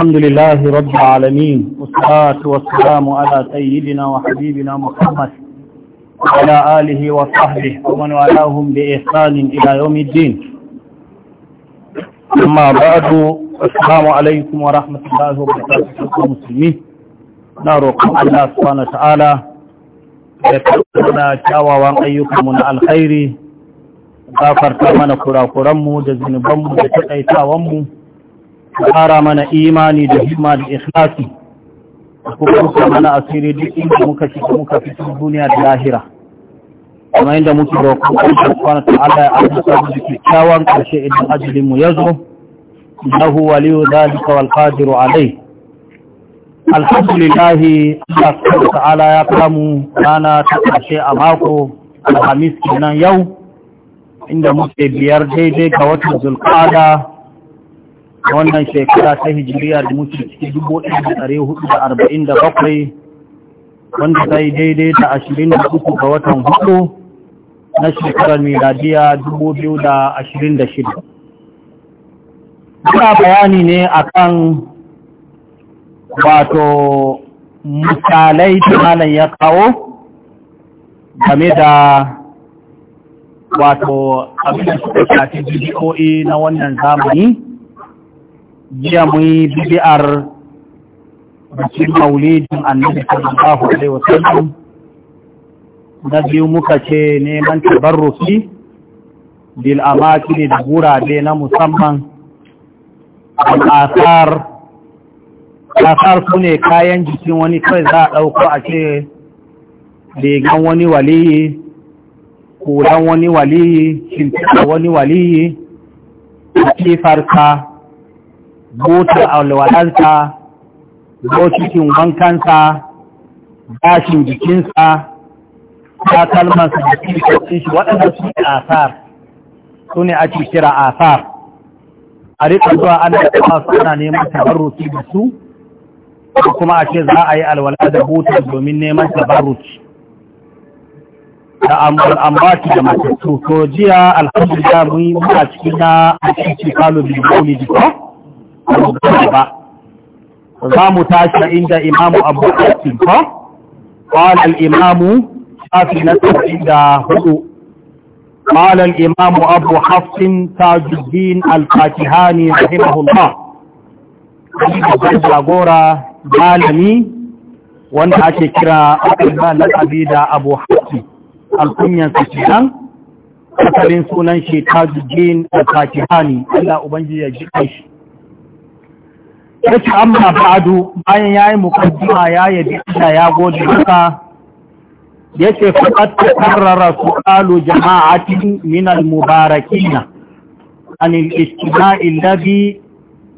الحمد لله رب العالمين والصلاة والسلام على سيدنا وحبيبنا محمد وعلى آله وصحبه ومن والاهم بإحسان إلى يوم الدين أما بعد السلام عليكم ورحمة الله وبركاته المسلمين نروق الله سبحانه وتعالى يكرمنا شاوى وان أيكم من الخير غفرت لنا كرا كرمو جزين وتقيتاومو kara mana imani da himma da ikhlasi kuma rufe mana asiri duk inda muka shiga muka fito duniya da lahira kuma inda muke roƙon Allah subhanahu ta'ala ya azurta mu da kyakkyawan ƙarshe idan ajalin mu ya zo innahu waliyu dhalika wal qadiru alai alhamdulillah Allah subhanahu ta'ala ya kamu rana ta ƙarshe a mako alhamis kenan yau inda muke biyar daidai ga watan zulqa'ada wannan shekara ta hijiriya da muke cikin dubu ɗaya da ɗari hudu da arba'in da bakwai wanda ta yi daidai da ashirin da uku ga watan hudu na shekarar miladiya dubu biyu da ashirin da shida. Muna bayani ne akan wato misalai ta malam ya kawo game da wato abin da suka shafi bidiyoyi na wannan zamani. jiya mu yi bidiyar bikin maulidin annabi sallallahu alaihi wasallam na biyu muka ce neman tabarrufi bil amakini da gurabe na musamman al'asar kasar su ne kayan jikin wani kai za a ɗauko a ce Legan wani waliyi kulan wani waliyi shimfiɗa wani waliyi a kifarka botar alwalarsa lokacin wankansa gashin jikinsa takalmansa da cikin shi waɗanda su ne asar su ne ake kira asar a rikon zuwa ana kuma su ana neman tabarruki da su ko kuma a ce za a yi alwala da botar domin neman tabarruki da al'ambaci da matattu to jiya alhamdulillah mun yi a cikin na a cikin da wuli jiko ba za mu tashi inda imamu abu a cikin qala al imamu shafi na 74 قال الإمام أبو حفص تاج الدين الفاتحاني رحمه الله jagora malami wanda ake kira abubuwa lakabi da abu haƙi alkunyansa kenan ƙasarin sunan shi tajuddin alfakihani. fakihani Allah ubangi ya ji shi yace amma ba'du bayan yi mukaddima ya yabi Allah ya gode maka yace faqad Jama'a su'alu jama'ati min al-mubarakin an al-istima'i alladhi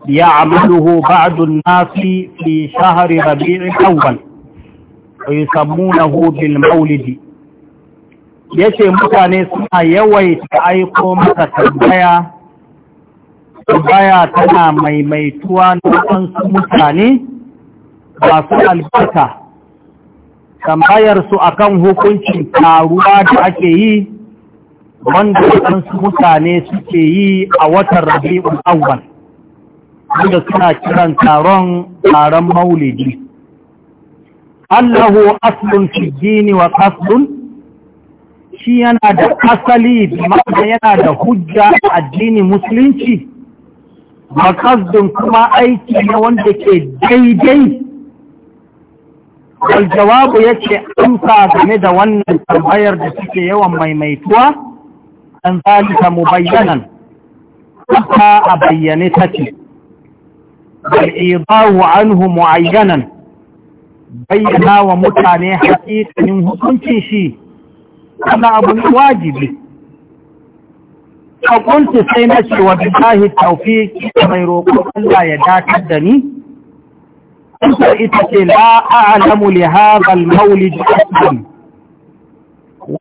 ya'maluhu ba'du an-nas fi shahr rabi' al-awwal maulidi. Ya yace mutane suna yawaita aiko maka tambaya baya tana maimaituwa na su mutane masu albarka tambayarsu akan hukuncin taruwa da ake yi wanda su mutane suke yi a watan rabi'ul awwal wanda suna kiran taron taron maulidi allahu aslun fi dini wa aslun shi yana da asali yana da hujja addini musulunci makasdin kuma aiki na wanda ke daidai aljawabu ya ce amsa game da wannan tambayar da suke yawan maimaituwa an zalika mu bayyanan ta a bayyane ta ce al'ibahu anhu mu'ayyanan bayyana wa mutane haƙiƙanin hukuncin shi kana abin wajibi faƙuntu sai na ce wa billahi taufi ta mai roƙon Allah ya datar da ni ita ita ce la a'lamu li hadha al-mawlid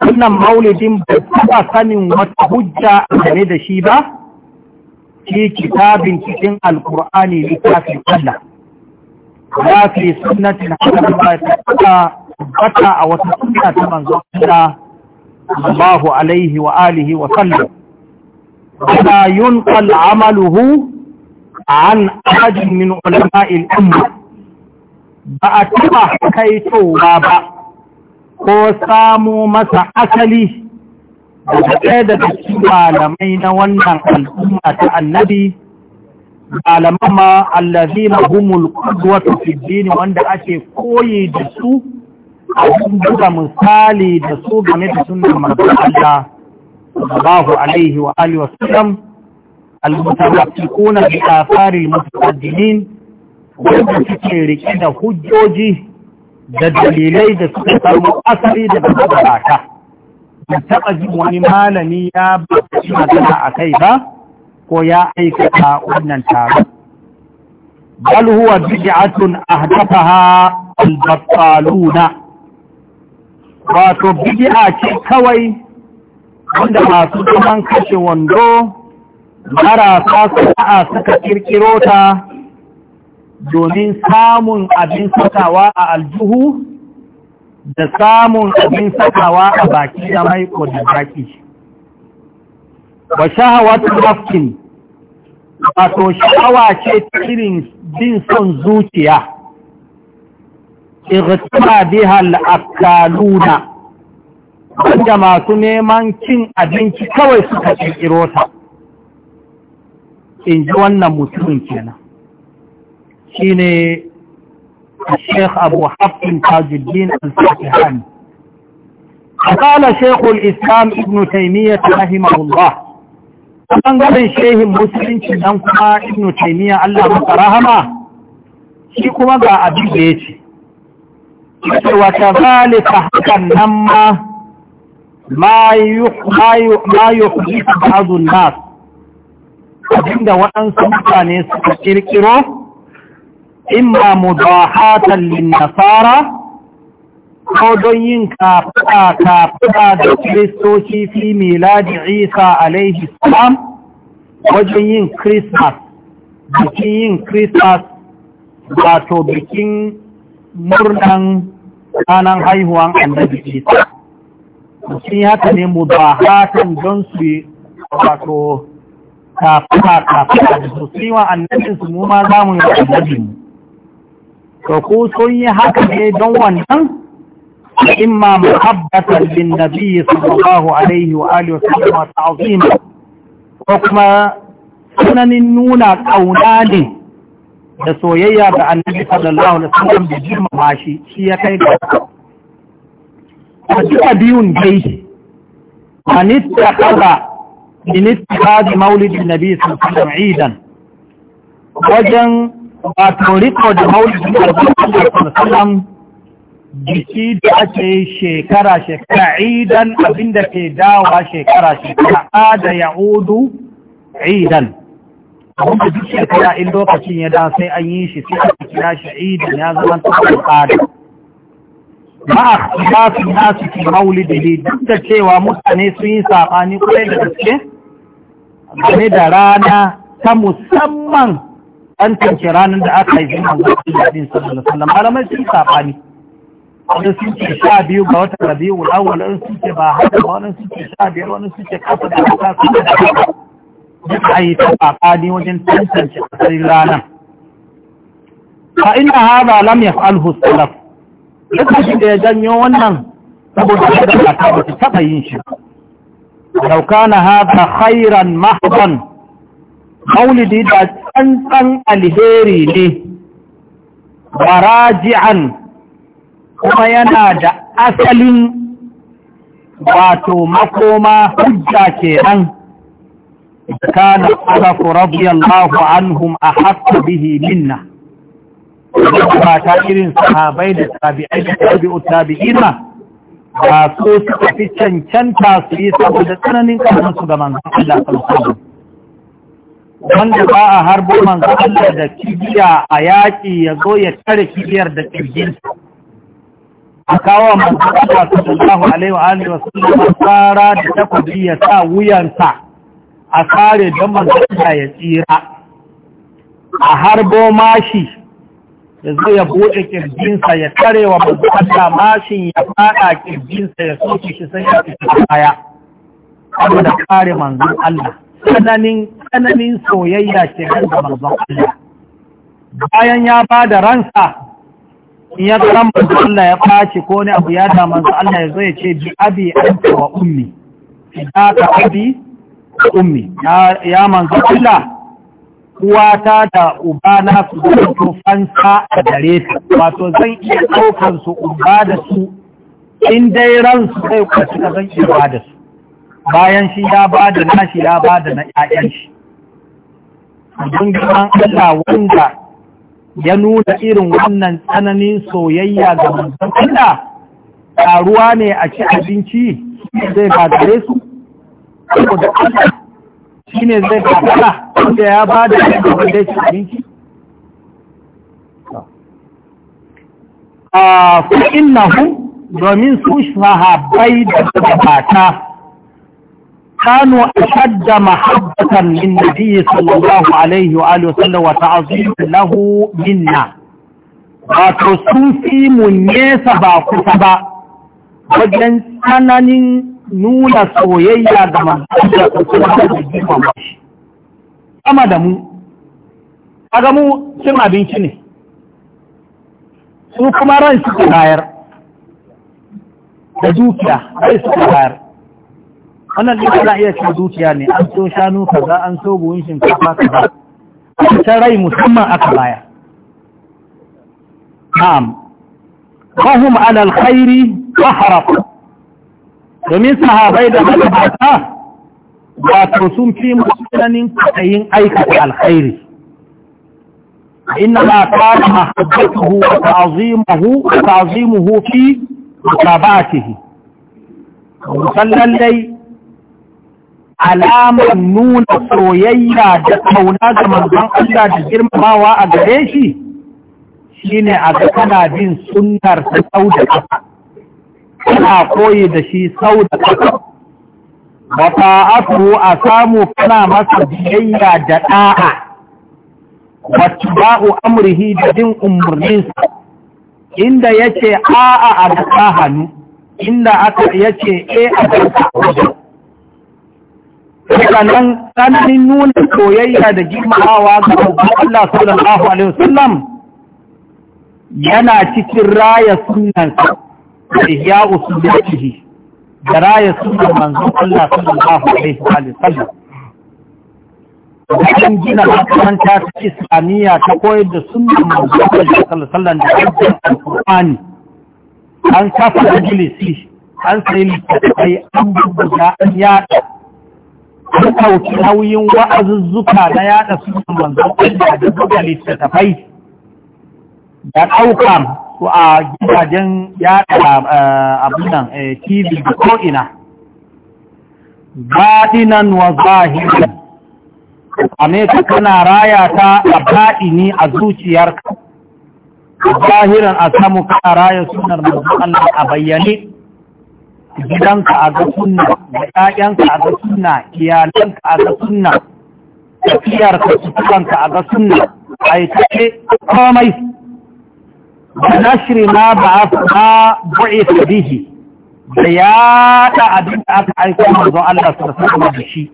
wannan maulidin ba taɓa sanin wata hujja game da shi ba Ki kitabin cikin alkur'ani littafin Allah ya fi sunnatin hakan ba ta taɓa a wata sunna ta manzo Allah Allahu alaihi wa alihi wa sallam an ينقل min عن أحد ba a الأمة kai كيتو ba. ko samu masa asali daga ɗaya daga cikin malamai na wannan al'umma ta annabi malaman ma allazi na humul kudwatu wanda ake koyi da su a buga misali da su game da sunan manzon Allah صلى الله عليه وآله وسلم المتمسكون بآثار المتقدمين wanda suke rike da hujjoji da dalilai da suka samu asali daga mabarata da taɓa jin wani malami ya ba shi magana a kai ba ko ya aikata wannan taron bal huwa bid'atun ahdathaha al-battaluna wato bid'a ce kawai wanda masu zaman kashe wando marasa sa'a suka kirkiro ta domin samun abin sakawa a aljuhu da samun abin sakawa a baki da mai kodi baki ta shahawatu nafsin wato sha'awa ce ta jin bin son zuciya irtima biha al-akaluna wanda masu neman cin abinci kawai suka ƙirƙiro ta in ji wannan mutumin kenan shi ne abu الشيخ أبو حفظ تاج الدين الفاتحاني فقال شيخ الإسلام ta تيمية رحمه الله ɓangaren shehin musulunci don kuma ibn taimiyya Allah maka rahama shi kuma ga abin da ya ce wata zalika hakan nan ma ma yuhdi ba'dun nas abinda waɗansu mutane suka kirkiro imma mudahatan lin nasara ko don yin kafaɗa kafaɗa da kiristoci fi miladi isa alaihi salam wajen yin christmas bikin yin christmas wato bikin murnan ranar haihuwan annabi isa sun yi haka ne mu ba hatan don su yi wato kafa kafa da su yi wa annabin su mu ma za mu yi wa mu to ko sun yi haka ne don wannan imma muhabbatan bin nabi sallallahu alaihi wa alihi wa sallam wa ta'zima ko kuma sunanin nuna kauna ne da soyayya ga annabi sallallahu alaihi wa sallam da girmama shi shi ya kai ga a biyun dai an ittakhadha min ittikhadi maulid annabi sallallahu alaihi wasallam idan wajen wato riko da maulid annabi sallallahu jiki da ake shekara shekara idan abinda ke dawa shekara shekara a ada ya'udu idan abinda duk shekara in lokacin ya da sai an yi shi sai a kira shi idan ya zama ta al'ada ba a kafin mauli da ne duk da cewa mutane sun yi saɓani kwarai da gaske game da rana ta musamman an tanke ranar da aka haifi manzo Allahin sallallahu alaihi malamai sun saɓani wani sun ce sha biyu ga wata rabi, awwal wani sun ce ba haka ba wani sun ce sha biyar wani sun ce kasa da haka sun da haka duk a yi ta saɓani wajen tantance asalin ranar fa ina haɗa lam yaf'alhu salaf ya da ya janyo wannan saboda sadaka ta ba taɓa yin shi dauka na haɗa khairan mahdan maulidi da tsantsan alheri ne waraji'an kuma yana da asalin wato makoma hujja kenan kana arafu radiyallahu anhum a haƙa bihi minna ba ta irin sahabai da tabi'ai da tabi'u tabi'ina ba su suka fi cancanta su yi saboda tsananin kamar su ga manzan Allah sallallahu wanda ba a harbo manzan Allah da kibiya a yaƙi ya zo ya kare kibiyar da kirgin a kawo manzan Allah sallallahu alaihi wa alihi wa sallam tsara da takobi ya sa wuyansa a kare don manzan Allah ya tsira a harbo mashi ya zo ya buɗe kirjinsa ya tare wa Allah mashin ya faɗa kirjinsa ya soke shi sai ya fita baya da kare manzon Allah tsananin soyayya ke nan da manzon Allah bayan ya ba da ransa in ya karan manzo Allah ya ɓaci ko ne abu ya da manzo Allah ya zo ya ce bi abi ta wa ummi fidaka abi ummi ya manzo Allah uwata da ubana su zanto fansa a dare ta wato zan iya ɗaukar su uba da su in dai ransu kai kwaci ka zan iya ba da su bayan shi ya ba da nashi ya ba da na ƴaƴan shi abin gaban Allah wanda ya nuna irin wannan tsananin soyayya ga manzon Allah taruwa ne a ci abinci zai gagare su shi ne zai kafara wanda ya ba da shi da wanda ya ciki a kuɗin ah, na hu domin su shahabai da gabata kanu a shadda mahabbatan min nabiyyi sallallahu alaihi wa alihi wasallam wa ta'zimu lahu minna wa to sun fi mun nesa ba kusa ba wajen tsananin nuna soyayya ga manzansa da mu da ga mu cin abinci ne su kuma ran su bayar da dukiya bai su bayar wannan ɗin za iya cin dukiya ne an so shanu kaza an so buhun shinkafa kaza a can rai musamman aka bayar na'am mu ma'anar alkhairi ba harafa domin sahabai da magabata wato sun fi mutunanin kwaɗayin aikata alkhairi inna ma kana mahabbatuhu wa ta'zimuhu wa ta'zimuhu fi mutabatihi musallan dai alamar nuna soyayya da tauna ga manzon Allah da girmamawa a gare shi shine a ga kana da sunnar da ƙasa. kana koyi da shi sau da Ba ta ta'atu a samu kana masa biyayya da ɗa'a wa ba'u amurhi da jin umarninsa inda yace a'a a da hannu inda aka yace e a hannu wajen nan tsananin nuna soyayya da jimawa ga Allah sallallahu alaihi wasallam yana cikin raya sunansa ihya usulatihi da raya sunan manzon Allah sallallahu alaihi wa sallam wajen gina makaranta ta islamiyya ta koyar da sunan manzon Allah sallallahu alaihi wa sallam da alqur'ani an kafa majalisi an sai littattafai an bubuga an yada an ɗauki nauyin wa'azuzzuka na yada sunan manzon Allah da buga littattafai da ɗauka a gidajen yaɗa eh, abinan eh, tv da ko'ina baɗinan wa zahiri. zahirin amurka kana raya ta a baɗini a zuciyarka zahirin a samu kana raya sunar zuwan a bayyane gidanka a ga suna da ɗayanka a ga suna iyalanka a ga suna tafiyarka su a ga suna a yi tafe komai da nashiri ma ba ma bu'i bihi da yaɗa abin aka aiko manzon Allah sallallahu alaihi da shi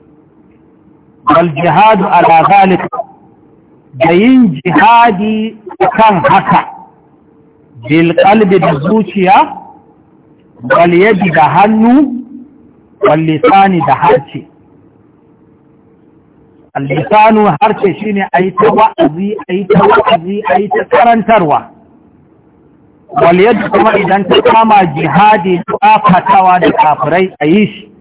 wal jihadu ala zalika da yin jihadi kan haka bil qalbi da zuciya wal da hannu wal lisani da harce al lisanu harce shine ayi ta wa'azi ayi ta wa'azi ayi ta karantarwa waliyar kuma idan ta kama jihadi kafatawa da kafirai a yi shi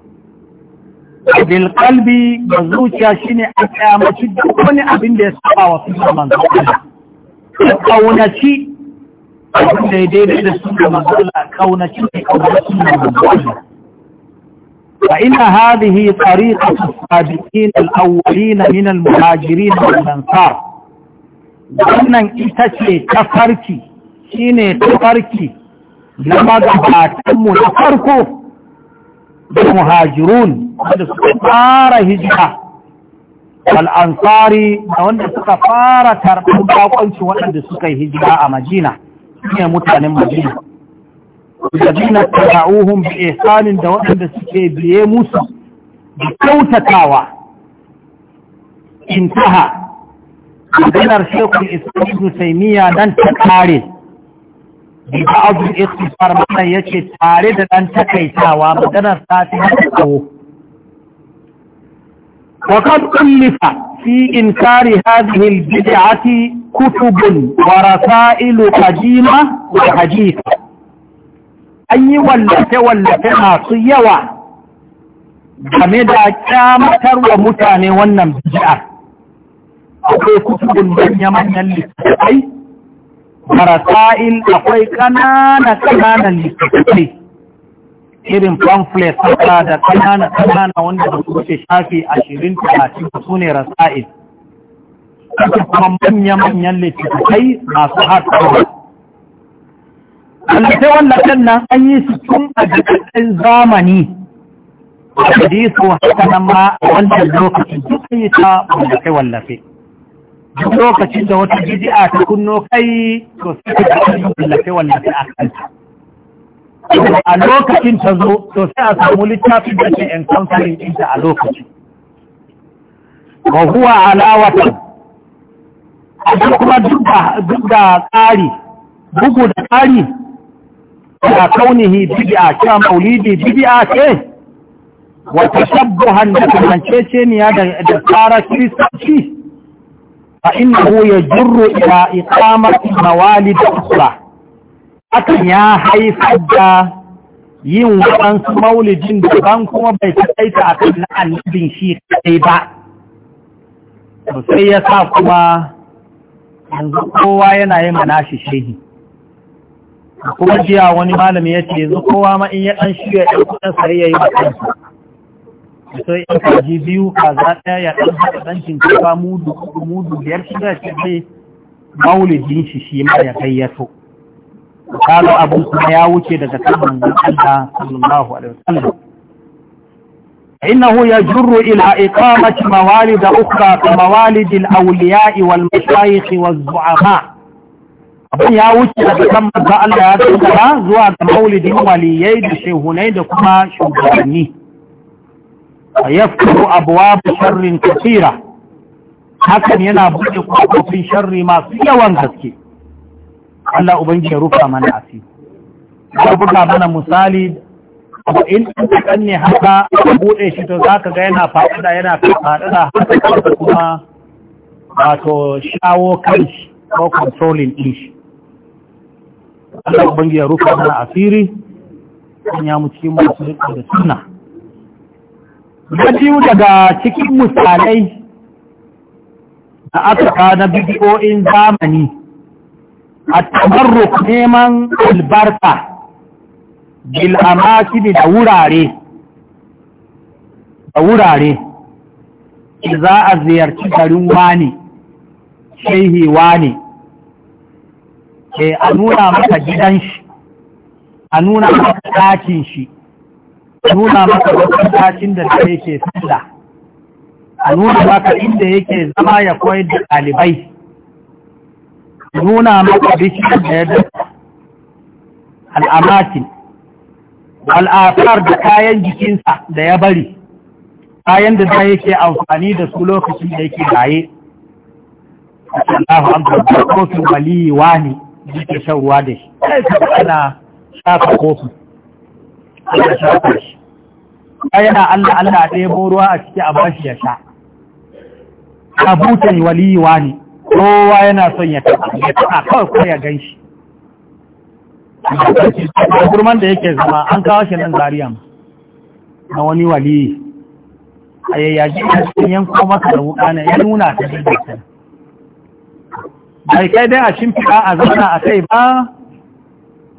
bilkalbi da zuciya shi ne a kyamaci duk wani abin da ya saba wa suna manzana a kaunaci abin da ya daidai da suna manzana a kaunaci da kaunar suna manzana فإن هذه طريقة السابقين الأولين من المهاجرين والأنصار wannan ita ce ta farki shine tafarki na magabatanmu na farko da muhajirun wanda suka fara hijira wal'ansari da wanda suka fara karɓar bakonci waɗanda suka yi hijira a majina ne mutanen majina majina tara'uhun bi ihsanin da waɗanda suke biye musu da kyautatawa intaha maganar shekul islam taimiyya nan ta kare bi ba'dul ikhtisar mana yace tare da ɗan takaitawa maganar ta ta tsawo wa kan ullifa fi inkari hadhihi al-bid'ati kutubun wa rasailu qadima wa haditha an yi wallafe wallafe masu yawa game da kyamatar wa mutane wannan bid'a akwai kutubun manya-manyan littattafai marasain akwai ƙanana ƙananan littattafai irin pamphlet haka da ƙanana ƙanana wanda da ke shafi ashirin talatin su ne rasa'il ake kuma manya-manyan littattafai masu haɗarwa Alifai wallafen nan an yi su tun a jikin zamani a hadisu haka nan ma a wancan lokacin duk yi ta wallafe-wallafe. duk lokacin da wata bid'a ta kunno kai to sai ta ga wallafe wannan ta akanta a lokacin ta zo to sai a samu littafin da ke encountering ɗinta a lokacin wa huwa alawatan a kuma duk da tsari bugu da tsari da kaunihi bid'a cewa maulidi bid'a ce wa tashabbuhan da kamanceceniya da tsara kiristanci فإنه يجر إلى mawali da أخرى hakan ya haifar da yin waɗansu da daban kuma bai taɗaita a kan na annabin shi ba sai ya sa kuma yanzu kowa yana yi mana shi shehi kuma jiya wani malami ya ce yanzu kowa ma in ya ɗan shirya ɗan kuɗin sai ya yi wa kansa da ya yan kaji biyu za ɗaya ya ɗan haɗa ɗan shinkafa mudu mudu biyar shida ce zai maulidin shi shi ma ya gayyato kaga abu kuma ya wuce daga kan manzon Allah sallallahu alaihi wasallam إنه يجر إلى إقامة موالد أخرى wal mashayikh wal zu'ama abin ya wuce daga kan manzo Allah ya tsara zuwa ga maulidin waliyai da shehunai da kuma shugabanni abuwa abwab sharrin kathira hakan yana buɗe kofofin sharri masu yawan gaske Allah ubangiji ya rufa mana asiri ko buga mana misali ko in ka kanne haka buɗe shi to zaka ga yana faɗaɗa yana faɗaɗa haka kuma wato shawo kan shi ko controlling din shi Allah ubangiji ya rufa mana asiri ya mu cikin masu da sunna na biyu daga cikin misalai da aka na bidiyoyin zamani a tabarruk neman albarka bil'amaki da wurare da wurare za a ziyarci garin wani shehi wani ke eh, a nuna maka gidan shi a nuna maka ɗakin shi nuna maka lokacin da ta yake sallah a nuna maka inda yake zama ya koyar da ɗalibai nuna maka bishiyar da ya dasa al'amakin al'afar da kayan jikinsa da ya bari kayan da za yake amfani da su lokacin da yake raye Allahu Akbar kofin waliyi wani yake shan ruwa da shi sai ana shafa kofin ana shafa shi ba yana Allah Allah a ɗebo ruwa a ciki a bashi ya sha a butan waliyuwa ne kowa yana son ya ta kawai kuma ya gan shi gurman da yake zama an kawo shi nan ma, na wani wali. a yayyaji a cikin yanko masa da wuka na ya nuna ta jirgin bai kai dai a shimfiɗa a zauna a kai ba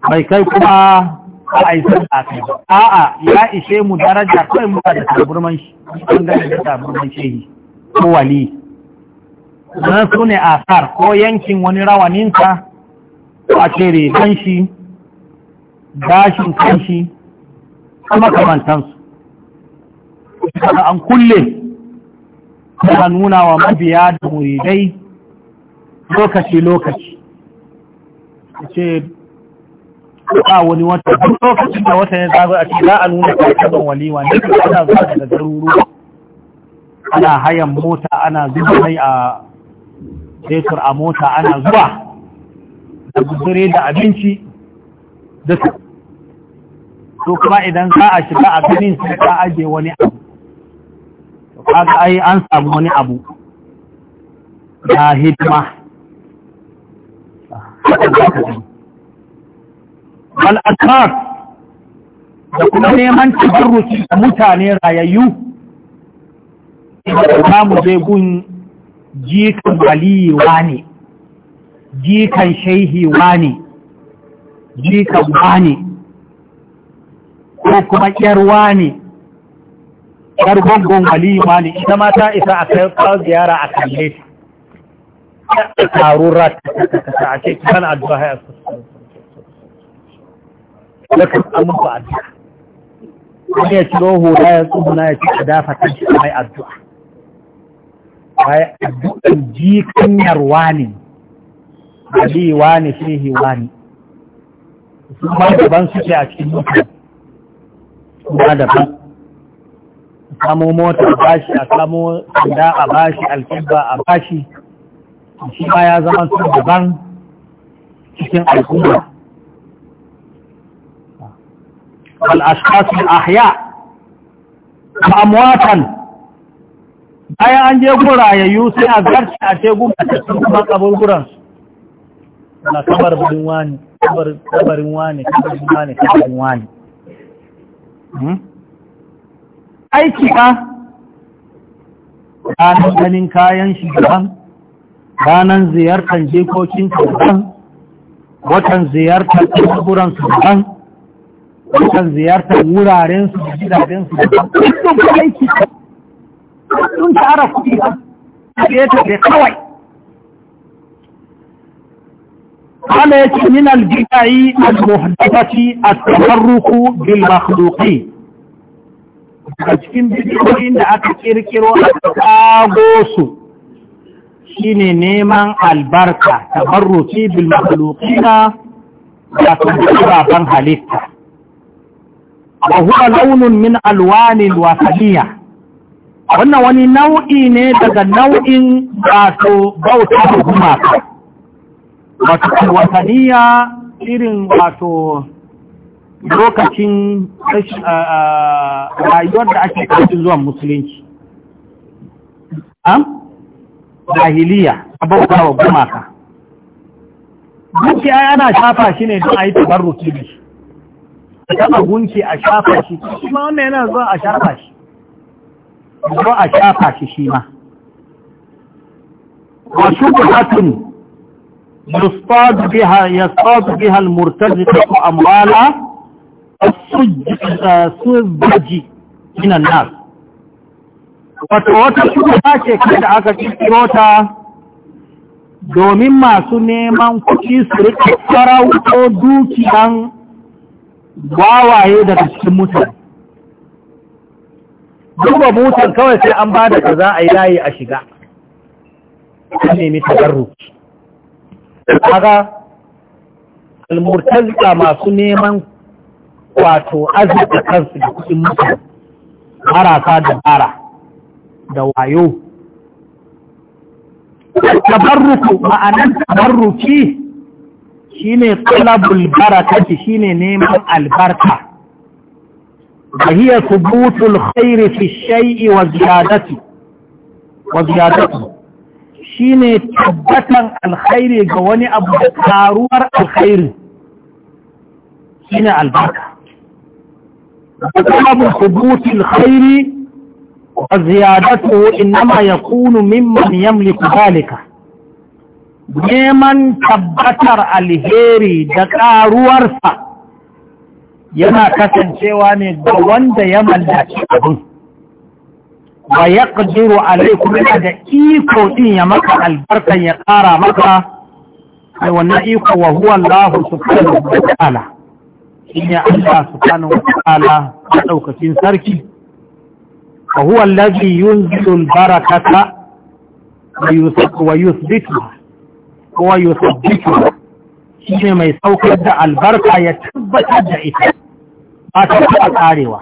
bai kai kuma ba a yi sanda kai ba a'a ya ishe mu daraja kawai muka da taburman shi an gane da taburman shehi ko wali na su ne sar ko yankin wani rawaninsa ko a ce kan shi gashin kanshi kuma kamantansu kada an kulle da nuna wa mabiya da muridai lokaci-lokaci ce a wani lokacin da wata ya a ce za nuna waliwa ne ke ana hayan mota ana zuwa mai a fetur a mota ana zuwa da gudure da abinci da su to kuma idan za a shiga a ganin sai ka aje wani abu to kaga ai an samu wani abu na hidima haka za wal da kuma neman tabarruci da mutane rayayyu idan mu zai gun jikan waliyi wane jikan shaihi wane jikan wane ko kuma yar wane yar gungun waliyi wane ita ma ta isa a kai ziyara a kalle ta taron rata a cikin addu'a ya su ya karɓa muku addu'a wani ya ciro hula ya na ya ci dafa kan shi mai addu'a bayan addu'an kanyar wani ali wani shehi wani su ma daban suke a cikin mutum su ma daban samo mota a bashi a samo sanda a bashi alkibba a bashi shi ma ya zama su daban cikin al'umma والأشخاص الأحياء أمواتا bayan an je gurayayyu sai a zarce a ce gumatattun kuma kaburburansu na kabarin wani kabarin wani kabarin wani kabarin wani aiki ka ranar ganin kayan shi daban ranar ziyartar jikokinsa daban watan ziyartar kaburburansu daban kan ziyartar su da su da kullum aiki sun tara kuɗi ba a ta kawai قال a من البدع المحدثة التفرق بالمخلوقين a cikin bidiyoyin da aka kirkiro a kago su shine neman albarka tabarruki bil ta da kuma halitta wa huwa launun min alwanin wasaniya wannan wani nau'i ne daga nau'in wato bauta da gumaka wato wasaniya irin wato lokacin rayuwar da ake kafin zuwan musulunci am jahiliya bauta wa gumaka duk ya ana shafa shi ne don a yi tabarruki da shi taɓa gunki a shafa shi shi ma wannan yana zuwa a shafa shi zuwa a shafa shi shi ma wa shubhatun yustad biha yustad biha al-murtaziqatu amwala as-sujji min an-nas wato wata shubha ce kada aka kirkiro ta domin masu neman kuɗi su rika farauto dukiyan wawaye daga cikin mutane duba mutan kawai sai an ba da ka za a yi layi a shiga Ya nemi tabarruki almurtar zika masu neman wato azurta kansu da kudin mutan, marasa da bara da wayo tabarruku ma'anar tabarruki shi ne talabul barakati shi ne neman albarka da hiya tubutul khairi fi shay'i wa ziyadati wa ziyadati shi ne tabbatan alkhairi ga wani abu da karuwar alkhairi shi ne albarka talabul tubutul khairi wa ziyadatu ya kunu mimman yamliku dalika neman tabbatar alheri da ƙaruwarsa yana kasancewa ne ga wanda ya mallaki abin ba ya ƙajiru alaikum yana da iko ɗin ya maka albarkan ya ƙara maka ai wannan iko wa huwa su subhanahu da ta'ala ya Allah subhanahu da ta'ala a ɗaukacin sarki wa huwa allazi yunzilu barakata wa yuthbituha kowa yusabbitu shi ne mai saukar da albarka ya tabbatar da ita ba ta taɓa ƙarewa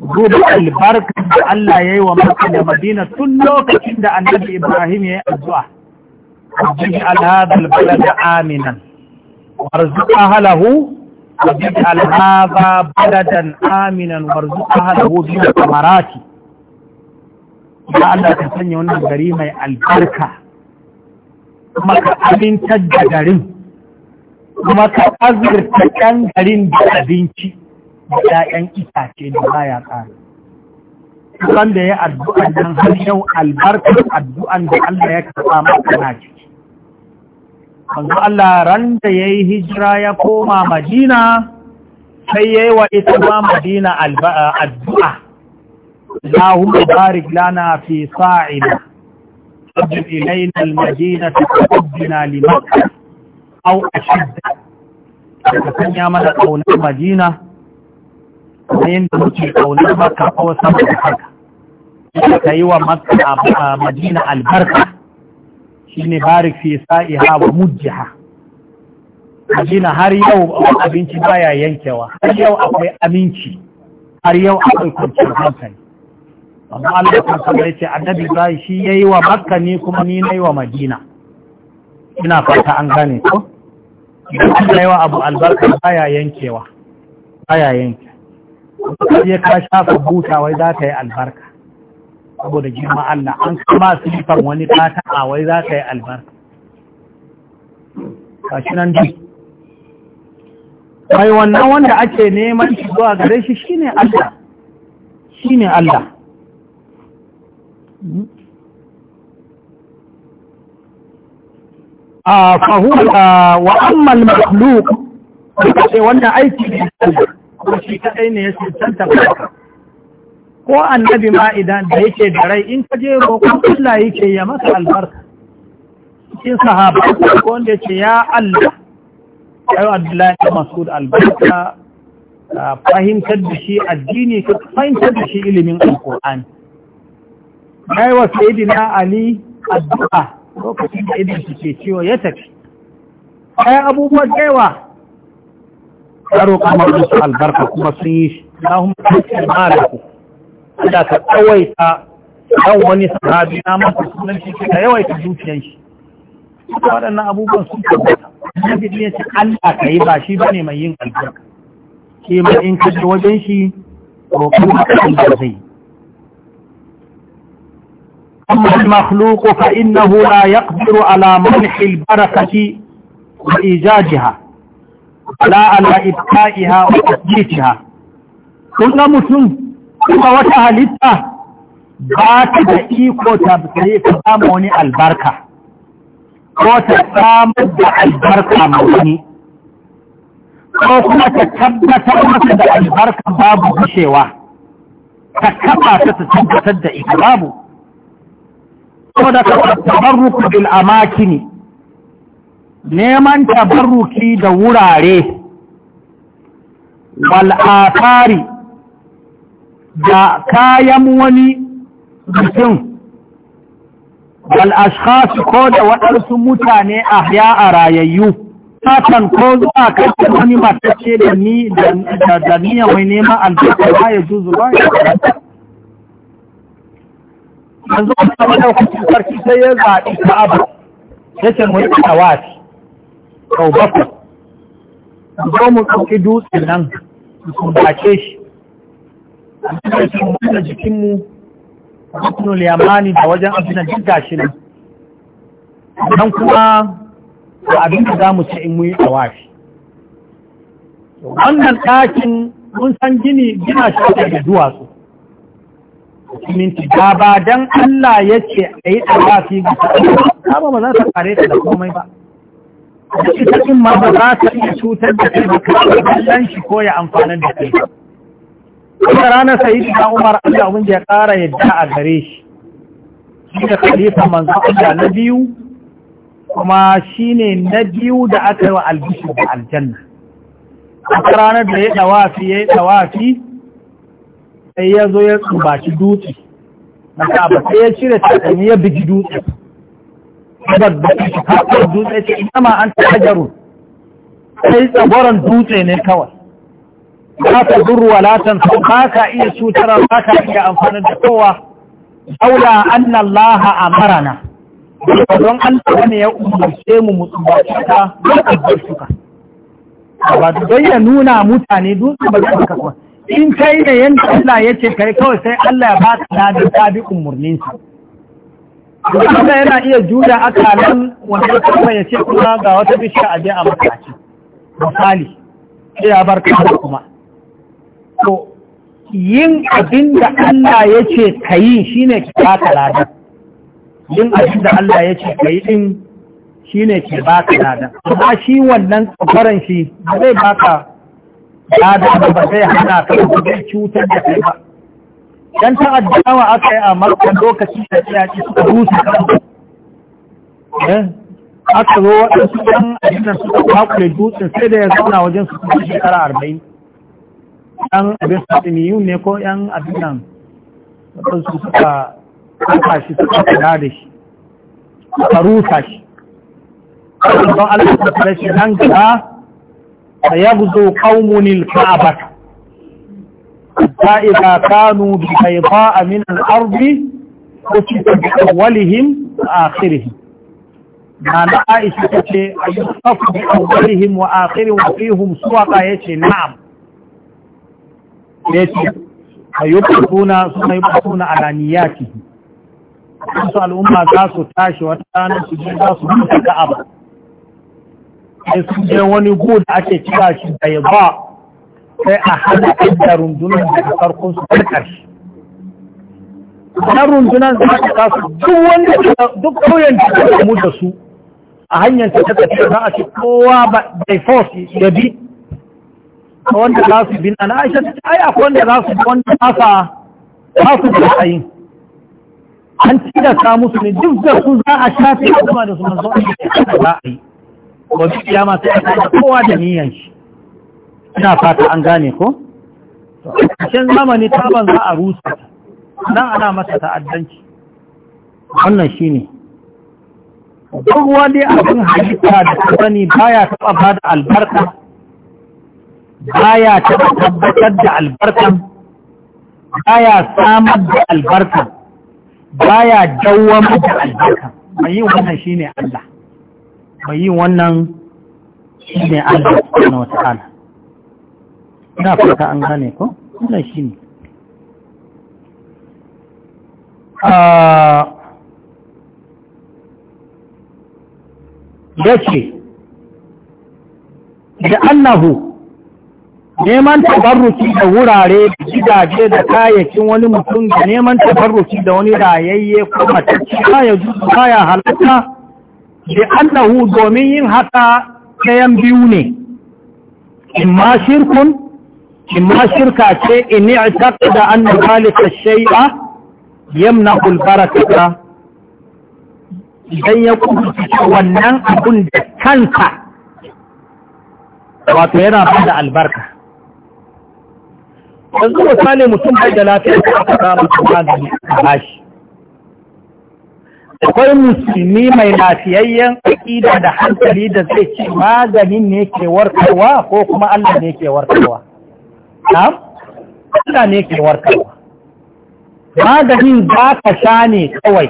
duba albarka da Allah ya yi wa maka da madina tun lokacin da annabi ibrahim ya yi addu'a jin alhazal da aminan warzuka halahu jin alhaza da aminan warzuka halahu biyu da kamarati ya Allah ta sanya wannan gari mai albarka kuma ka amintar da garin kuma ka azurta ɗan garin da abinci da ɗayan itace da baya ƙara kusan da ya addu'an nan har yau albarkar addu'an da Allah ya karɓa maka na ciki wanzu Allah ran da ya yi hijira ya koma Madina sai ya yi wa ita ma Madina addu'a Allahumma barik lana fi sa'ina تقدم إلينا المدينة تقدنا لمكة أو أشد فكان يعمل قول مدينة فإن تمتي قول مكة أو سمع حكا كيوى مكة مدينة البركة شيني بارك في سائها ومجها مدينة har yau abinci baya yankewa, har yau akwai aminci, har yau akwai kwanciyar أبنتي amma Allah kan sabai ce annabi ba shi yayi wa makka ni kuma ni nayi wa madina ina fata an gane ko Allah wa abu albarka baya yankewa baya yanke sai ka shafa buta wai za ta yi albarka saboda girma Allah an kama sifar wani kata a wai za ta yi albarka Ka shi nan duk mai wannan wanda ake neman shi zuwa gare shi shine Allah shine Allah a ah, fahimta ah, wa ammal makhluk duka ce wannan aiki ne ko shi ne ya cancanta ko annabi ma idan da yake da rai in ka je roƙon Allah yake ya masa albarka cikin sahaba ko wanda yake ya Allah ayo Abdullahi Masud albarka ah, fahimtar da shi addini ka fahimtar da shi ilimin alqur'ani na yi wa sayidina ali addu'a lokacin da idan su ke ciwo ya tafi bayan abubuwan daiwa ya roƙa masu su albarka kuma sun yi shi na hun malaku da ka tsawaita ɗan wani sahabi na masu sunan shi ka yawaita zuciyan shi suka waɗannan abubuwan sun tabbata na bidin ya ce Allah ka yi ba shi ba ne mai yin albarka shi ma in kaji wajen shi roƙon haɗin da zai yi أما المخلوق فإنه لا يقدر على منح البركة وإيجاجها ولا على إبقائها وتثبيتها كل مسلم كما وشها لتا بات دقيقة تبقيق أموني البركة وتسامد البركة موني وكما تتبت ta البركة masa da albarka تتبت gushewa ta kaba saboda tabarruku bil amakini neman tabarruki da wurare wal'afari da kayan wani mutum wal'ashkhas ko da waɗansu mutane a ya a rayayyu satan ko zuwa kai wani matacce da ni da mai neman albarka ya juzu ba ya yanzu wata hukuncin sarki sai ya zaɓi abu ya ce mu yi wasi sau bakwai zo mu ɗauki dutse nan mu kumbace shi a cikin da jikinmu rukunul liyamani da wajen abinan jirga shi nan nan kuma da abin da za mu ce in muyi tawafi wannan ɗakin mun san gini gina shi da duwatsu minti da ba dan Allah ya ce a yi tawafi fi ta ba za ta kare ta da komai ba da ita in ma ba za ta iya cutar da kai ba kallon shi ko ya amfanar da kai ba ranar sayi da Umar Allah abin ya kara yadda a gare shi shi da khalifa manzo Allah na biyu kuma shi ne na biyu da aka yi wa albishi da aljanna a ranar da ya dawafi ya yi sai ya zo ya tsubaci dutse na kaba sai ya cire takalmi ya bigi dutse babbaɗi shi kafin dutse ce ina ma an tajaru sai tsagoron dutse ne kawai ba ka durwa latan sau ba ka iya cutar ba ka iya amfanin da kowa daula an allaha a marana don an taɓa ne ya umarce mu mutumbaci ta ba ka bar ba don ya nuna mutane dutse ba ka kasuwa in yi da yanda Allah ya ce kai kawai sai Allah ya ba ka da tabi umurnin sa Allah yana iya juda akalan wanda kuma ya ce kuma ga wata bishiya a je a makaci misali ya bar ka kuma to yin abin da Allah ya ce ka yi shi ne ki ba ka ladan yin abin da Allah ya ce ka kayi din ne ki ba ka ladan amma shi wannan tsofaran shi zai ba ka. ya da ba zai hana ka kudin cutar da kai ba dan ta addawa aka yi a markan lokacin da ya ci suka rusa kansu eh? aka zo waɗansu ɗan abinan suka kwakule dutsen sai da ya zauna wajen su kuma shekara arba'in ɗan abin sassaniyu ne ko ɗan abinan waɗansu suka kafa shi suka kula da shi suka rusa shi Allah alaƙa da shi nan gaba فيغزو قوم الكعبة فإذا كانوا بحيطاء من الأرض وكت بأولهم وآخرهم معنى عائشة تتي يصف بأولهم وآخرهم وفيهم سوق يتي نعم يتي فيبقون ثم يبقون على نياتهم فسأل al'umma za su tashi wata ranar su ji sai sun je wani gu da ake kira shi da ya ba sai a hada da rundunar daga farkon su ta ƙarshe na rundunar za ta kasu duk wanda duk ƙauyen da ta samu da su a hanyar ta ta tafiya za a ce kowa ba by force ya bi wanda za su bin ana aisha ta ai akwai wanda za su wanda za su za su ta ayin an samu su ne duk da su za a a zama da su manzo a yi gobe kiyama sai a da kowa da niyan shi ina fata an gane ko cikin zamani taban za a rusa nan ana masa ta'addanci wannan ne. ruwa dai abin halitta da sani baya taɓa ba da albarka baya taba tabbatar da albarka, baya samar da albarka, baya dawwamar da albarka, mai yi wannan shine Allah mai yin wannan shi ne Allah wata ala ina fata an gane ko wannan shi ne ah, ya ce da annahu neman tabarruki da wurare da gidaje da kayayyakin wani mutum da neman tabarruki da wani rayayye ko matacci ya juzu baya halatta bi annahu domin yin haka ɗayan biyu ne In ma shirkun In ma shirka ce in i'taqada anna zalika shay'a yamna'u al-barakata idan ya kuma wannan abun da kanka wato yana ba da albarka yanzu misali mutum bai da lafiya ta kasa masa magani a bashi akwai musulmi mai lafiyayyen aƙida da hankali da zai ce maganin ne ke warkarwa ko kuma Allah ne ke warkarwa na'am Allah ne ke warkarwa maganin za ka sha ne kawai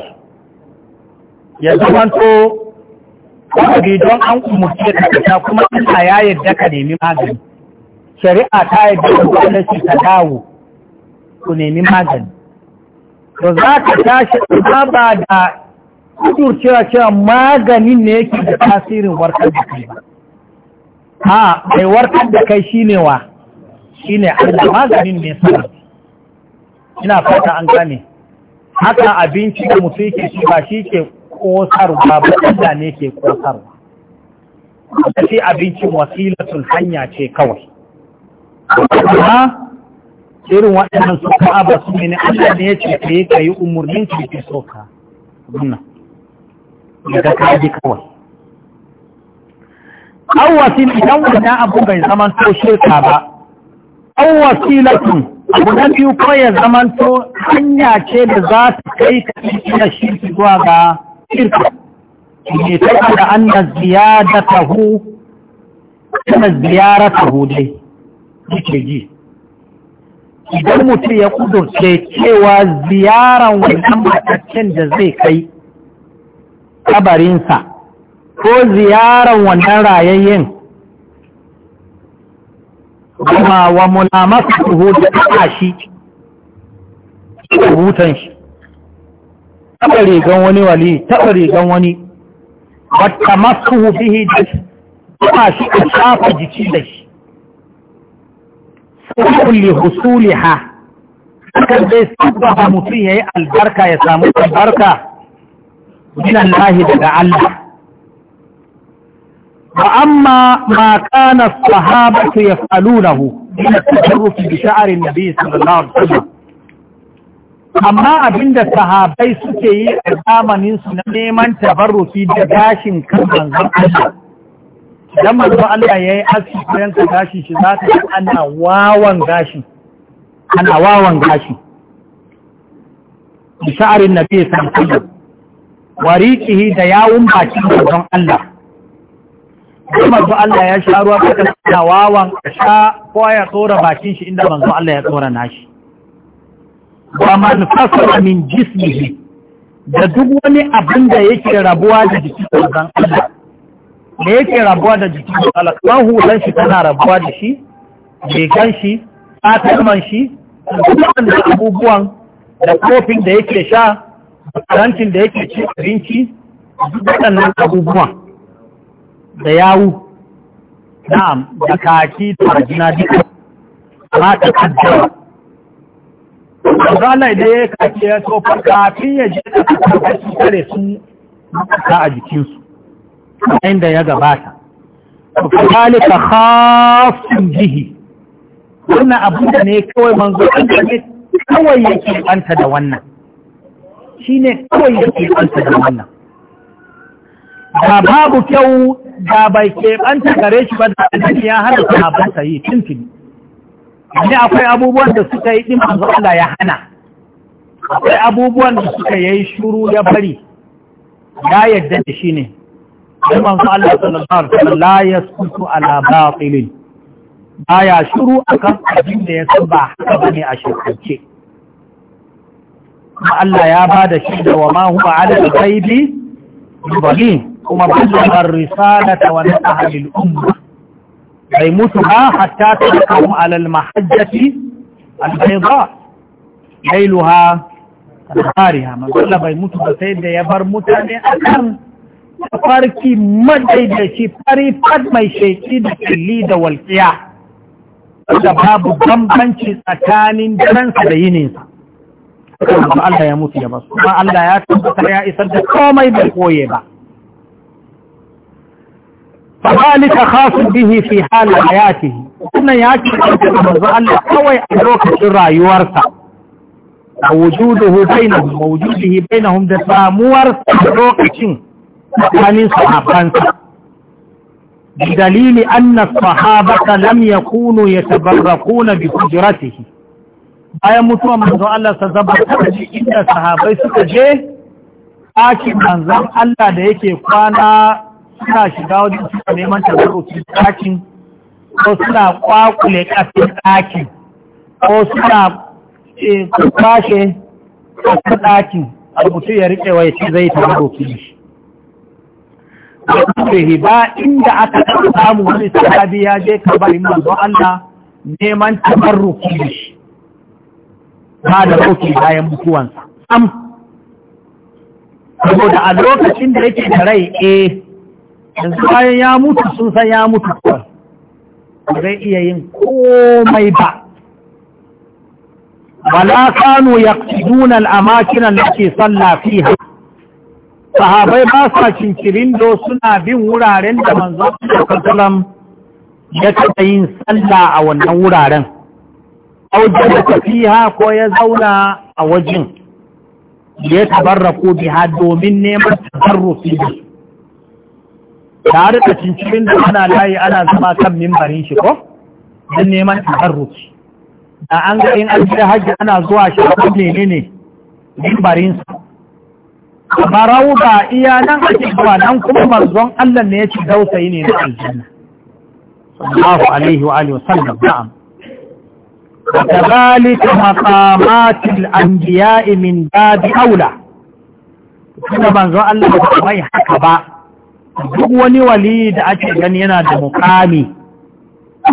ya zamanto bi don an umurce ka ta kuma ina ya yadda ka nemi magani shari'a ta yarda ka shi ta dawo ku nemi magani to za ka tashi ba da kudurcewa cewa maganin ne yake da tasirin warkar da kai ba. a mai warkar da kai shine wa shine Allah maganin ne sanar ina fata an gane haka abinci da mutum yake shi ba shi ke kosarwa ba Allah ne ke kosarwa ta ce abincin wasilatun hanya ce kawai amma irin waɗannan suka aba su ne Allah ne ya ce ka yi umarnin ce ke soka wannan daga kaji kawai an wasila idan wannan abu bai zaman to shirka ba an wasilatun abu na biyu kawai ya zaman to hanya ce da za ta kai ka iya shirki zuwa ga shirka ne ta da an na ziyadatahu ta hu dai yake ji idan mutum ya kudurce cewa ziyaran wannan matakken da zai kai kabarinsa ko ziyaran wannan rayayyen kuma wa mulamasa tuhu da taɓa shi rubutan shi taɓa rigan wani wali taɓa rigan wani wata masu hufi da ta shi a shafa jiki da shi sauƙin lihusuliha kan zai sabba mutum ya yi albarka ya samu albarka minan lahi daga Allah wa amma ma kana sahabatu yaf'alunahu min at-tasarruf bi sha'r sallallahu alaihi wasallam amma abinda sahabai suke yi a zamanin su na neman tabarruki da gashin kan manzon Allah dan manzon Allah yayi aski bayan ka gashi shi za ta ana wawan gashi ana wawan gashi bi na an sallallahu alaihi wasallam wariƙihi da yawun bakin manzon Allah kuma zo Allah ya sha ruwa ka kana wawan sha ko ya tsora bakin shi inda manzo Allah ya tsora nashi wa man fasara min jismihi da duk wani abin da yake rabuwa da jikin manzon Allah da yake rabuwa da jikin manzon Allah kuma hulan shi tana rabuwa da shi kan shi takalman shi duk abubuwan da kofin da yake sha rantin da yake ci abinci duk waɗannan abubuwan da yawu na da kaki tarjina duka ma ta kaddara Allah da ya kaki ya tofar kafin ya je da kasar su tare sun ka a jikinsu inda ya gabata fakalika khafin jihi wannan abu da ne kawai manzo an kawai yake anta da wannan shi ne kawai ya ɓanta da wannan da babu kyau da bai keɓanta gare shi ba da annabi ya hana ta yi tuntuni ne akwai abubuwan da suka yi ɗin manzo Allah ya hana akwai abubuwan da suka yi shuru ya bari ya yadda da shi ne don manzo Allah sallallahu alaihi wasallam la yasqutu ala ba baya shuru akan abin da ya san ba haka bane a shekarce kuma Allah ya ba da shi da wa ma huwa ala al-ghaibi bali kuma ballagha ar-risalata wa nasaha lil umma bai mutu ba hatta tarkahum ala al-mahajjati al-bayda lailuha al-hariha manzo bai mutu ba sai da ya bar mutane akan farki shi fari fat mai sheki da killi da walƙiya da babu bambanci tsakanin daransa da yininsa Ba Allah ya mutu ya basu kuma Allah ya tabbatar ya isar da komai bai koye ba فذلك خاص به في حال حياته wannan ya ce manzo Allah kawai a lokacin rayuwarsa a wujuduhu bainahum wa wujudihi bainahum da samuwar lokacin tsakanin sahabansa dalili anna sahabata lam yakunu yatabarrakuna bi hujratihi bayan mutuwa manzo Allah sa ta kaji inda sahabai suka je ɗakin manzan Allah da yake kwana suna shiga wajen suka neman tazaruki ɗakin ko suna kwakule ƙafin ɗakin ko suna eh, kwashe a ɗakin mutu ya riƙe wa yace zai tazaruki shi. ba inda aka samu wani sahabi ya je kabarin manzo Allah neman tazaruki shi. ba da roki bayan mutuwansa am saboda a lokacin da yake da rai e. yanzu bayan ya mutu sun san ya mutu kuwa ba zai iya yin komai ba wala kanu yaqtiduna al-amakin ke son lafiya. sahabai ba sa cincirin do suna bin wuraren da manzo sallallahu alaihi ya taɓa yin sallah a wannan wuraren aujada tafiha ko ya zauna a wajen ya tabarraku biha domin neman tabarrufi da su ta rika cincirin da ana layi ana zama kan mimbarin shi ko don neman tabarrufi da an ga in an gida hajji ana zuwa shi a ne ne mimbarinsa amma rauda iya nan ake zuwa nan kuma manzon Allah ne ya ci dausayi ne na aljanna sallallahu alaihi wa alihi wa sallam na'am وكذلك مقامات الأنبياء من باب أولى kuma manzon Allah ba mai haka ba duk wani wali da ake gani yana da mukami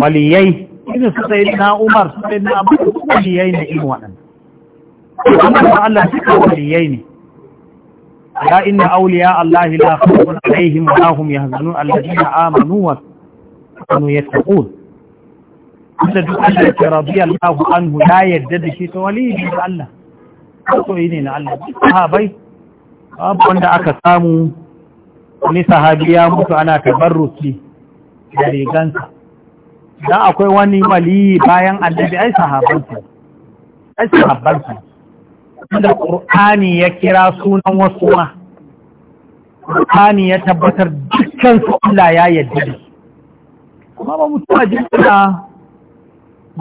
waliyai irin su sai na Umar su sai na Abu waliyai ne irin waɗannan kuma Allah suka waliyai ne ya inna Allah wanda duk Allah ke radiyallahu an guda yadda da shi ta wali ne da Allah soyi ne na Allah sahabai babu wanda aka samu wani sahabi ya mutu ana tabarruki da rigansa Za akwai wani wali bayan annabi ai sahabansa ai sahabansa wanda Qur'ani ya kira sunan wasu ma Qur'ani ya tabbatar dukkan su Allah ya yadda da ba mutum a jirgin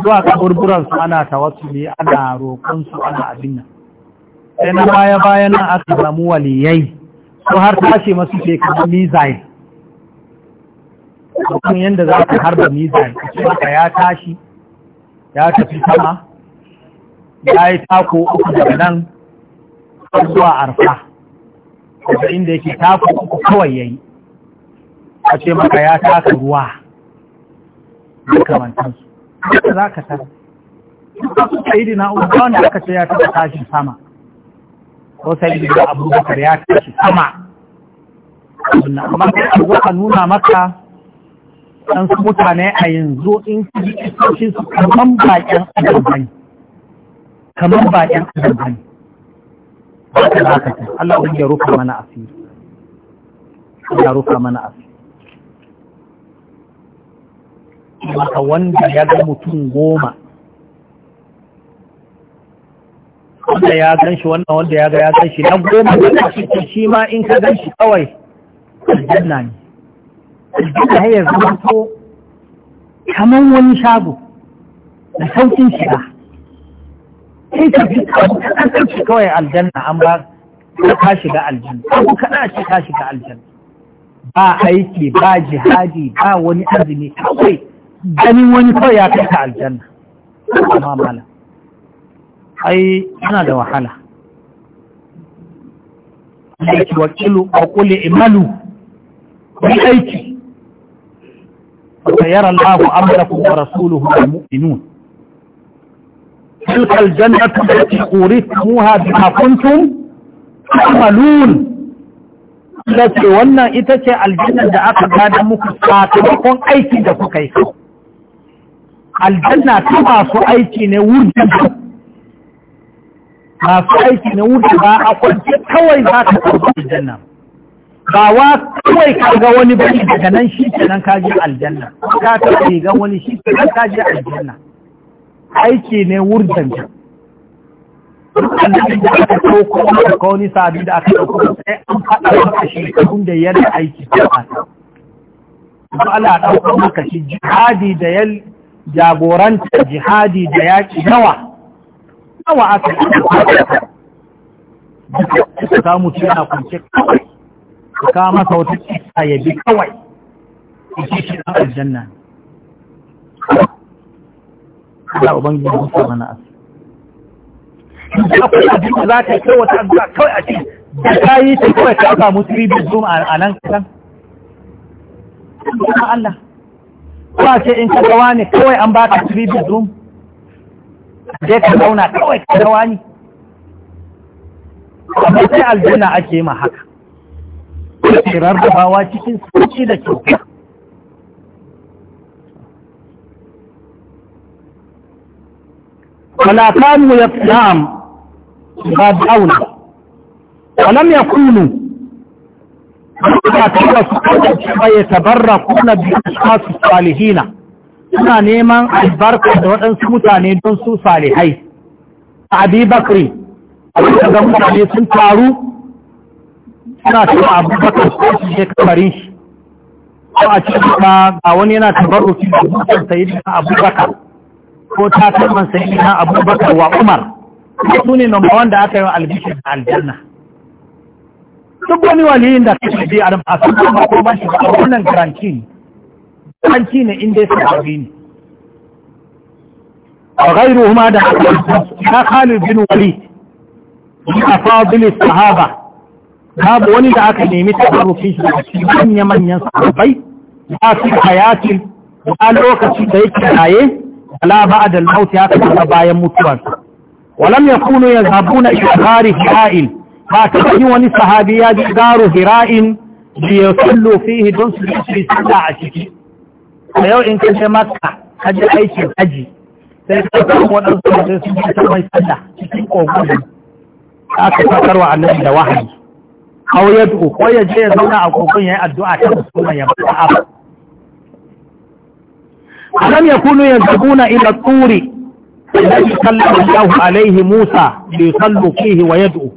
zuwa kaburburansu ana ta tawassuli ana roƙonsu ana abin nan sai na baya bayan nan aka samu waliyai ko har tashi masu ce kamar mizai mutum yadda za ka harba mizai ka ya tashi ya tafi sama ya yi tako uku daga nan zuwa arfa kuma inda yake tako uku kawai ya yi a ce maka ya taka ruwa da kamantansu yadda za ka tara su yi dina uba wanda aka ce ya taɓa tashin sama ko yi da abubakar ya tashi sama amma kai abu a nuna maka dan su mutane a yanzu in su yi kisoshin su kaman bakin adam bane kaman bakin adam bane za ka tara Allah ya rufa mana asiri ya rufa mana asiri maka wanda ya ga mutum goma wanda ya gan shi wannan wanda ya ga ya gan shi na goma wanda shi shi ma in ka gan shi kawai aljanna ne aljanna ya zama to kamar wani shago da saukin shiga sai ka fi kaɗan shi kawai aljanna an ba ka shiga aljanna ko kaɗan shi ka shiga aljanna ba aiki ba jihadi ba wani azumi kawai ganin wani kawai ya kai ta aljanna amma mana ai yana da wahala aiki wakilu a kule imalu ya aiki ta yara lafi amurafi a rasulu hudu mu'inu sun aljanna ta kai kori muha dafuntun amalun da ce wannan ita ce aljanna da aka gada muku sakamakon aiki da kuka yi kawai aljanna ta masu aiki ne ba masu aiki ne wurjan ba a kwanci kawai za ka kwanci aljanna ba wa kawai ka ga wani bane daga nan shi ke ka kaji aljanna ka ta riga wani shi ke ka kaji aljanna aiki ne wurjan ka annabi da aka ɗauko maka ko wani sabi da aka ɗauko sai an faɗa maka shekarun da yadda aiki ta Ba Allah ɗauka maka shi jihadi da yadda jagoranta jihadi da yaƙi nawa nawa aka yi samu ce na kunce kawai ka kama masa wata cika ya bi kawai ishi shi na aljanna Allah Ubangiji ya musa mana asu. Akwai abin da za ka yi kai wata zuwa kawai a cikin da ta yi ta kawai ka samu tribute zoom a nan kan. Allah. Kuma ce in ka gawa ne kawai an ba ka three bedroom je ka zauna kawai ka gawa ne amma sai aljanna ake ma haka da rarrabawa cikin sauki da kyauta ولا كانوا يطعم غاد أولى ولم يكونوا ba ta su ba ya tabarra kuna biyu su salihina suna neman albarka da waɗansu mutane don su salihai a abi bakri a ga mutane sun taru suna cewa abubakar ko su je kamarin shi ko a ce ba ga wani yana su da mutan abu abubakar ko ta takalman abu abubakar wa umar su ne nomba da aka yi wa albishir da aljanna duk wani waliyin da kake bi a a san ba ko ba shi ba wannan garanti ne garanti ne inda ya sababi ne a gairu huma da ya khalid bin walid min afadil sahaba babu wani da aka nemi tabarrufin shi daga cikin manya manyan sahabbai ya fi hayatin a lokaci da yake raye ala ba'da al-maut ya kafa bayan mutuwarsa ولم يكونوا يذهبون إلى غار ha'il ba ta yi wani sahabi ya ji garu hira'in da ya sallo fiye don su yi sallah a ciki a yau in kai maka ka ji aikin aji sai ka samu waɗansu da sun yi mai sallah cikin kogon aka sakar wa annabi da wahayi aw yad'u ko ya je ya zauna a kogon yayi addu'a ta musamman ya ba. bada abu alam yakunu yantabuna ila turi الذي صلى Musa عليه موسى ليصلوا فيه yadu.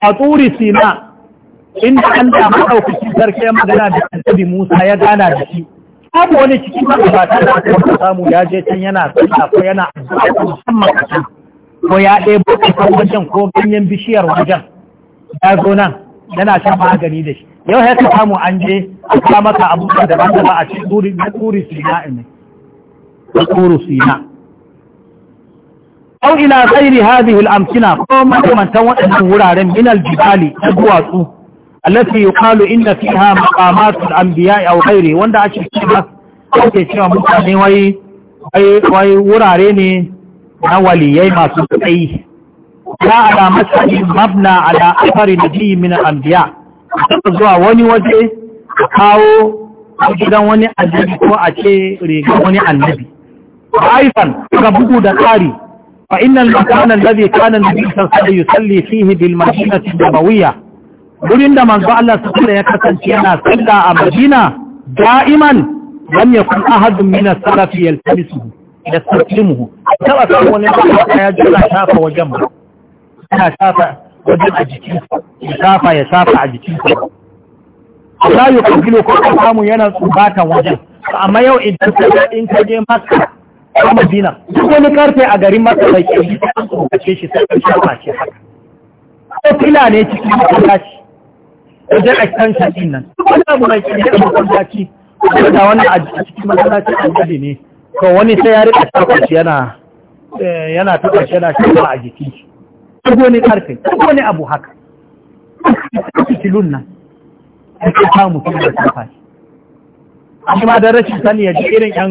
a turi sina inda an da maɗaukaki sarki ya magana da annabi musa ya gana da shi babu wani cikin ta da aka samu ya je can yana sallah ko yana addu'a musamman a can ko ya ɗebo kan wajen ko ganyen bishiyar wajen ya zo nan yana shan magani da shi yau ya ta samu an je a kama ka abubuwa daban-daban a cikin turu sina au ila ghairi hadhihi al-amkina ko makamantan waɗannan wuraren minar Jibali jibali duwatsu allati yuqalu inna fiha maqamat an biya aw ghairi wanda ake cewa ake cewa mutane wai wurare ne na waliyai masu tsayi ya ala masali mabna ala athari nabi min al-anbiya zuwa wani waje kawo gidan wani annabi ko a ce rigar wani annabi Aifan ga bugu da tsari. فإن المكان الذي كان النبي صلى الله عليه وسلم يصلي فيه بالمدينة النبوية wurin da manzo Allah sallallahu ya kasance yana sallah a Madina da'iman lam yakun ahadun min as-salaf yaltamisu yastaslimuhu taba kan wani da ya jira wajen ba yana shafa wajen a jikin ya shafa ya shafa a jikin sa Allah ya kabilu samu wajen amma yau idan ka in ka je maka. a Madina duk wani karfe a garin masu bai a yi an tsokace shi sai an shafa shi haka ko fila ne cikin masallaci wajen kan din nan duk wani abu mai a masallaci ko da wani a cikin masallaci an ne to wani sai ya riƙa takwas yana eh, yana takwas yana shafa a jikin shi duk wani karfe duk wani abu haka fitilun nan ake samun kuma da kafa shi amma da rashin sani ya ji irin yan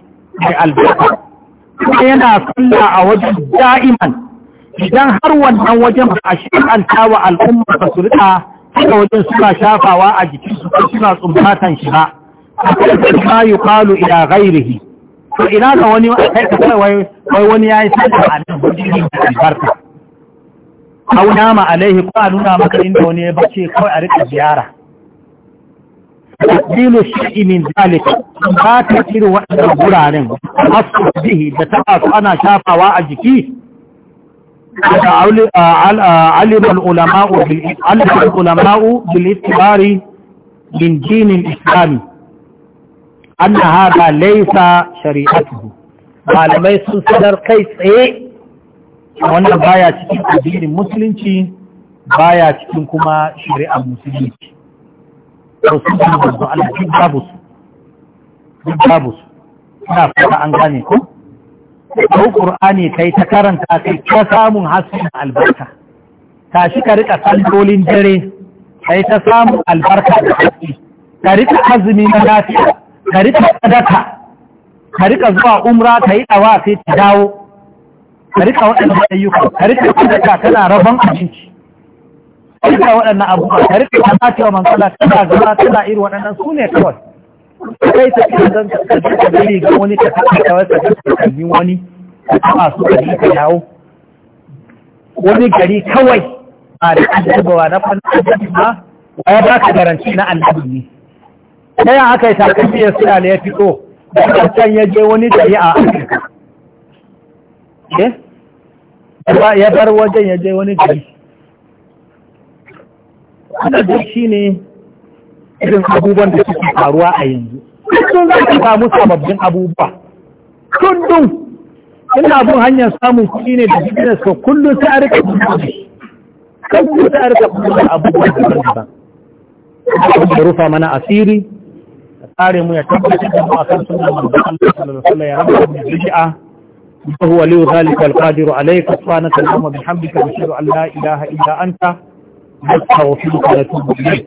mai albarka kuma yana sallah a wajen da'iman idan har wannan wajen ba a wa al'umma ba su rika suka wajen suna shafawa a jikin su suna tsumbatan shi ba akwai ma kwalo ila to ina ga wani kai kai wai wai wani yi sallah a nan wajen albarka auna ma alaihi ko a nuna maka inda wani ya bace kawai a rika ziyara tasiru shi'i min zalika ba waɗannan guraren asu bihi ana shafawa a jiki da alimul ulama'u bil alimul ulama'u islami anna hada laysa malamai sun sanar kai tsaye wannan baya cikin addinin musulunci baya cikin kuma shari'ar musulunci to su ne manzo Allah duk babu su duk babu su ina fata an gane ko ko qur'ani kai ta karanta kai ta samun hasin albarka tashi ka rika sallolin dare kai ta samun albarka da haske ka rika azumi na lafiya ka rika sadaka ka rika zuwa umra ka yi dawa sai ta dawo ka rika waɗannan ayyuka ka rika sadaka kana rabon abinci duka waɗannan abubuwa ka rike ka na wa man kana kana gaba kana iri waɗannan su ne kawai kai ta kira don ka kaji ka gani ga wani ka ta ka wata ka kaji wani ka kama su ka ka yawo wani gari kawai ba da addabawa na fannin addabi ba ya ba ka garanti na annabi ne ta yi aka yi takalmi ya suna da ya fito da ƙarshen ya je wani gari a afirka eh? ya bar wajen ya je wani gari wannan shi ne irin abubuwan da suke faruwa a yanzu kullum za ka samu sababbin abubuwa kullum ina bin hanyar samun kuɗi ne da business ko kullum sai a rika buɗe kullum sai a rika buɗe abubuwan da daban da rufa mana asiri da tsare mu ya tabbatar da mu akan sunan manzon Allah sallallahu alaihi wasallam ya rabu da bid'a وهو لي ذلك القادر عليك سبحانك اللهم وبحمدك نشهد ان لا اله الا Anta. 他我听出来这么累。